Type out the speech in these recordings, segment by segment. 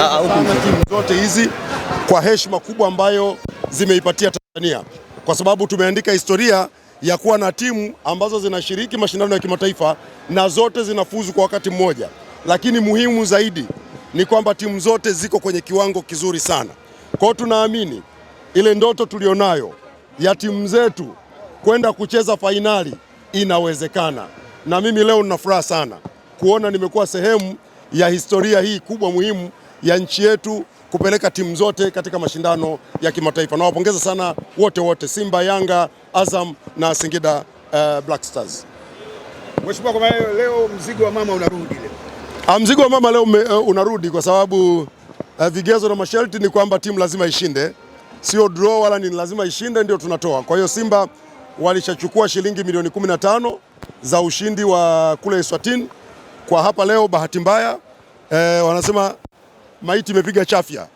Ah, timu zote hizi kwa heshima kubwa ambayo zimeipatia Tanzania, kwa sababu tumeandika historia ya kuwa na timu ambazo zinashiriki mashindano ya kimataifa na zote zinafuzu kwa wakati mmoja. Lakini muhimu zaidi ni kwamba timu zote ziko kwenye kiwango kizuri sana. Kwa tunaamini ile ndoto tulionayo ya timu zetu kwenda kucheza fainali inawezekana, na mimi leo nina furaha sana kuona nimekuwa sehemu ya historia hii kubwa muhimu ya nchi yetu kupeleka timu zote katika mashindano ya kimataifa. Nawapongeza sana wote wote, Simba, Yanga, Azam na Singida uh, Black Stars. Mheshimiwa, kwa leo mzigo wa mama unarudi leo. Ah, mzigo wa mama leo me, uh, eh, unarudi kwa sababu uh, vigezo na masharti ni kwamba timu lazima ishinde, sio draw wala ni lazima ishinde ndio tunatoa. Kwa hiyo Simba walishachukua shilingi milioni 15 za ushindi wa kule Eswatini. Kwa hapa leo bahati mbaya uh, wanasema maiti imepiga chafya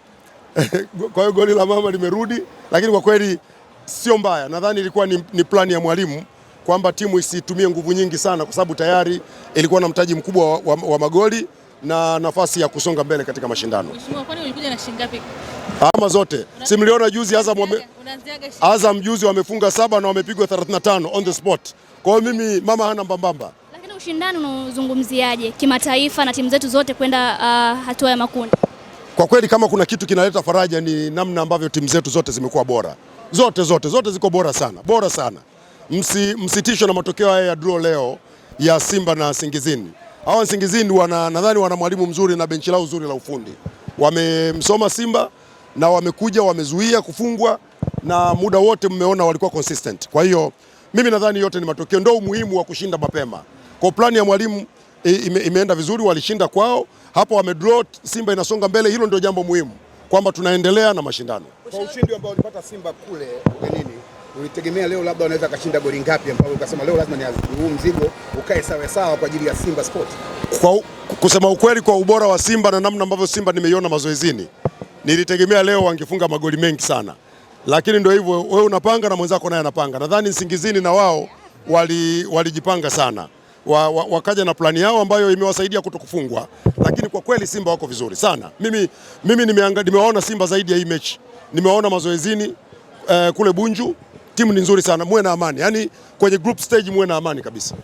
kwa hiyo goli la mama limerudi, lakini kwa kweli sio mbaya. Nadhani ilikuwa ni, ni plani ya mwalimu kwamba timu isitumie nguvu nyingi sana, kwa sababu tayari ilikuwa na mtaji mkubwa wa, wa, wa magoli na nafasi ya kusonga mbele katika mashindano. Ama zote si mliona juzi Azam, wame, Azam juzi wamefunga saba na wamepigwa 35 on the spot. Kwa hiyo mimi mama hana mbambamba. Lakini ushindani unazungumziaje kimataifa na timu zetu zote kwenda uh, hatua ya makundi? Kwa kweli kama kuna kitu kinaleta faraja ni namna ambavyo timu zetu zote zimekuwa bora, zote zote zote ziko bora sana, bora sana. Msi, msitishwe na matokeo haya ya draw leo ya Simba na Singizini. Hawa Singizini wana nadhani wana mwalimu mzuri na benchi lao zuri la ufundi, wamemsoma Simba na wamekuja wamezuia kufungwa na muda wote mmeona walikuwa consistent. Kwa hiyo mimi nadhani yote ni matokeo, ndio umuhimu wa kushinda mapema kwa plani ya mwalimu ime, imeenda vizuri, walishinda kwao hapo, draw, Simba inasonga mbele, hilo ndio jambo muhimu kwamba tunaendelea na mashindano. Kwa ushindi ambao ulipata Simba kule ugenini, ulitegemea leo labda wanaweza kashinda goli ngapi, mpaka ukasema leo lazima huu mzigo ukae sawa sawa kwa ajili ya Simba Sport? Kwa kusema ukweli, kwa ubora wa Simba na namna ambavyo Simba nimeiona mazoezini, nilitegemea leo wangefunga magoli mengi sana, lakini ndio hivyo, wewe unapanga na mwenzako naye anapanga. Nadhani singizini na wao walijipanga wali sana wa, wa, wakaja na plani yao ambayo imewasaidia kutokufungwa, lakini kwa kweli Simba wako vizuri sana. Mimi, mimi nimewaona Simba zaidi ya hii mechi, nimewaona mazoezini eh, kule Bunju. Timu ni nzuri sana, muwe na amani, yaani kwenye group stage muwe na amani kabisa.